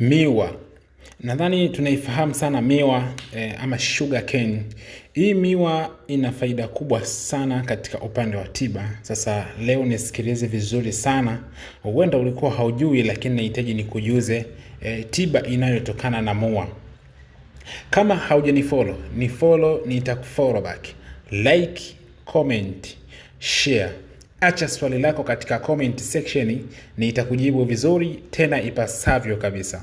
Miwa nadhani tunaifahamu sana miwa eh, ama sugar cane. Hii miwa ina faida kubwa sana katika upande wa tiba. Sasa leo nisikilize vizuri sana, huenda ulikuwa haujui, lakini nahitaji nikujuze eh, tiba inayotokana na mua. Kama haujanifollow ni follow, nitakufollow back, like, comment, share Acha swali lako katika comment section, ni itakujibu vizuri tena ipasavyo kabisa.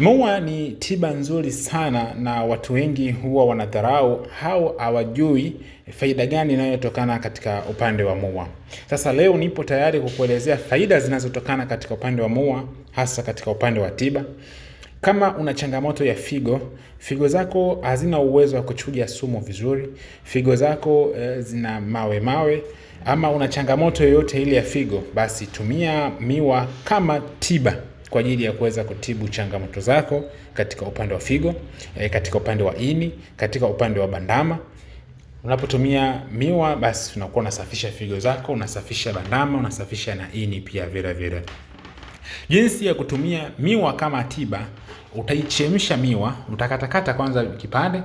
mua ni tiba nzuri sana, na watu wengi huwa wanadharau au hawajui faida gani inayotokana katika upande wa mua. Sasa leo nipo tayari kukuelezea faida zinazotokana katika upande wa mua, hasa katika upande wa tiba kama una changamoto ya figo, figo zako hazina uwezo wa kuchuja sumu vizuri, figo zako e, zina mawe mawe, ama una changamoto yoyote ile ya figo, basi tumia miwa kama tiba kwa ajili ya kuweza kutibu changamoto zako katika upande wa figo, e, katika upande wa ini, katika upande wa bandama. Unapotumia miwa basi unakuwa unasafisha figo zako, unasafisha bandama, unasafisha na ini pia vile vile. Jinsi ya kutumia miwa kama tiba: utaichemsha miwa, utakatakata kwanza kipande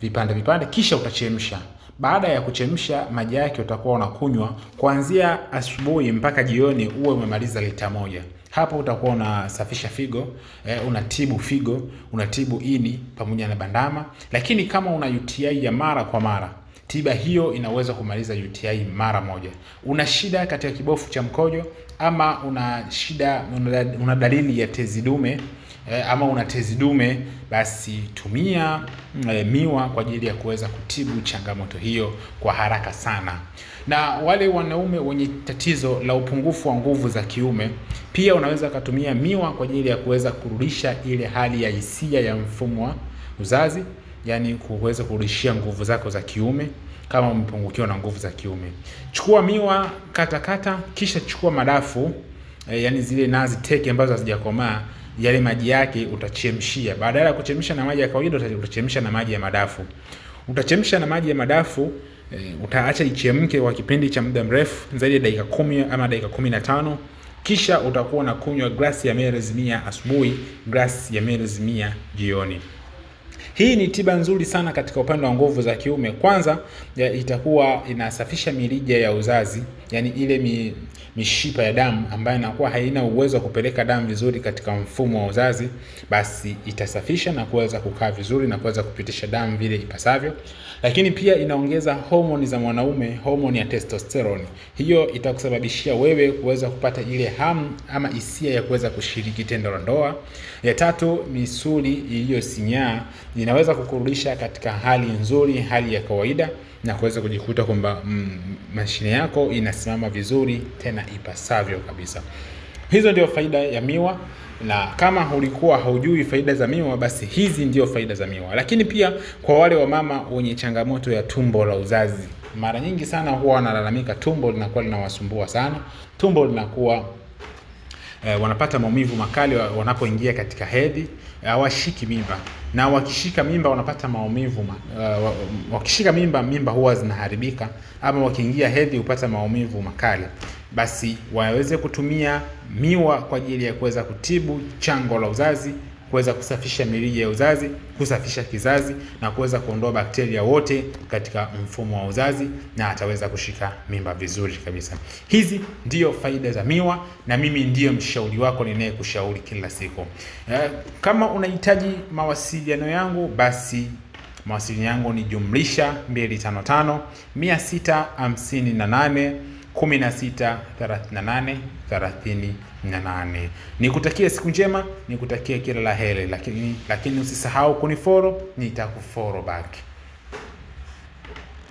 vipande vipande, kisha utachemsha. Baada ya kuchemsha, maji yake utakuwa unakunywa kuanzia asubuhi mpaka jioni, uwe umemaliza lita moja. Hapo utakuwa unasafisha figo eh, unatibu figo, unatibu ini pamoja na bandama. Lakini kama una UTI ya mara kwa mara, Tiba hiyo inaweza kumaliza UTI mara moja. Una shida katika kibofu cha mkojo ama una shida, una dalili ya tezi dume eh, ama una tezi dume, basi tumia eh, miwa kwa ajili ya kuweza kutibu changamoto hiyo kwa haraka sana. Na wale wanaume wenye tatizo la upungufu wa nguvu za kiume, pia unaweza kutumia miwa kwa ajili ya kuweza kurudisha ile hali ya hisia ya mfumo wa uzazi yani kuweza kurudishia nguvu zako za kiume kama umepungukiwa na nguvu za kiume. Chukua miwa katakata kata, kisha chukua madafu e, yani zile nazi teke ambazo hazijakomaa yale maji yake utachemshia. Badala ya kuchemsha na maji ya kawaida utachemsha na maji ya madafu. Utachemsha na maji ya madafu e, utaacha ichemke kwa kipindi cha muda mrefu zaidi ya dakika kumi ama dakika kumi na tano kisha utakuwa na kunywa glasi ya mililita mia asubuhi, glasi ya mililita mia jioni. Hii ni tiba nzuri sana katika upande wa nguvu za kiume. Kwanza ya itakuwa inasafisha mirija ya uzazi, yani ile mi, mishipa ya damu ambayo inakuwa haina uwezo wa kupeleka damu vizuri katika mfumo wa uzazi, basi itasafisha na kuweza kukaa vizuri na kuweza kupitisha damu vile ipasavyo. Lakini pia inaongeza homoni za mwanaume, homoni ya testosterone. Hiyo itakusababishia wewe kuweza kupata ile hamu ama hisia ya kuweza kushiriki tendo la ndoa. Ya tatu, misuli iliyosinyaa inaweza kukurudisha katika hali nzuri, hali ya kawaida na kuweza kujikuta kwamba mm, mashine yako inasimama vizuri tena ipasavyo kabisa. Hizo ndio faida ya miwa, na kama ulikuwa haujui faida za miwa, basi hizi ndio faida za miwa. Lakini pia kwa wale wamama wenye changamoto ya tumbo la uzazi, mara nyingi sana huwa wanalalamika tumbo linakuwa linawasumbua sana, tumbo linakuwa eh, wanapata maumivu makali wanapoingia katika hedhi, eh, hawashiki mimba, na wakishika mimba wanapata maumivu uh, wakishika mimba, mimba huwa zinaharibika, ama wakiingia hedhi hupata maumivu makali. Basi waweze kutumia miwa kwa ajili ya kuweza kutibu chango la uzazi kuweza kusafisha mirija ya uzazi, kusafisha kizazi na kuweza kuondoa bakteria wote katika mfumo wa uzazi, na ataweza kushika mimba vizuri kabisa. Hizi ndio faida za miwa, na mimi ndiyo mshauri wako ninayekushauri kila siku. Eh, kama unahitaji mawasiliano yangu, basi mawasiliano yangu ni jumlisha 255 658 16 38 30 na nane. kutakia siku njema, kutakia kila la heri, lakini lakini usisahau kuniforo, nitakuforo back.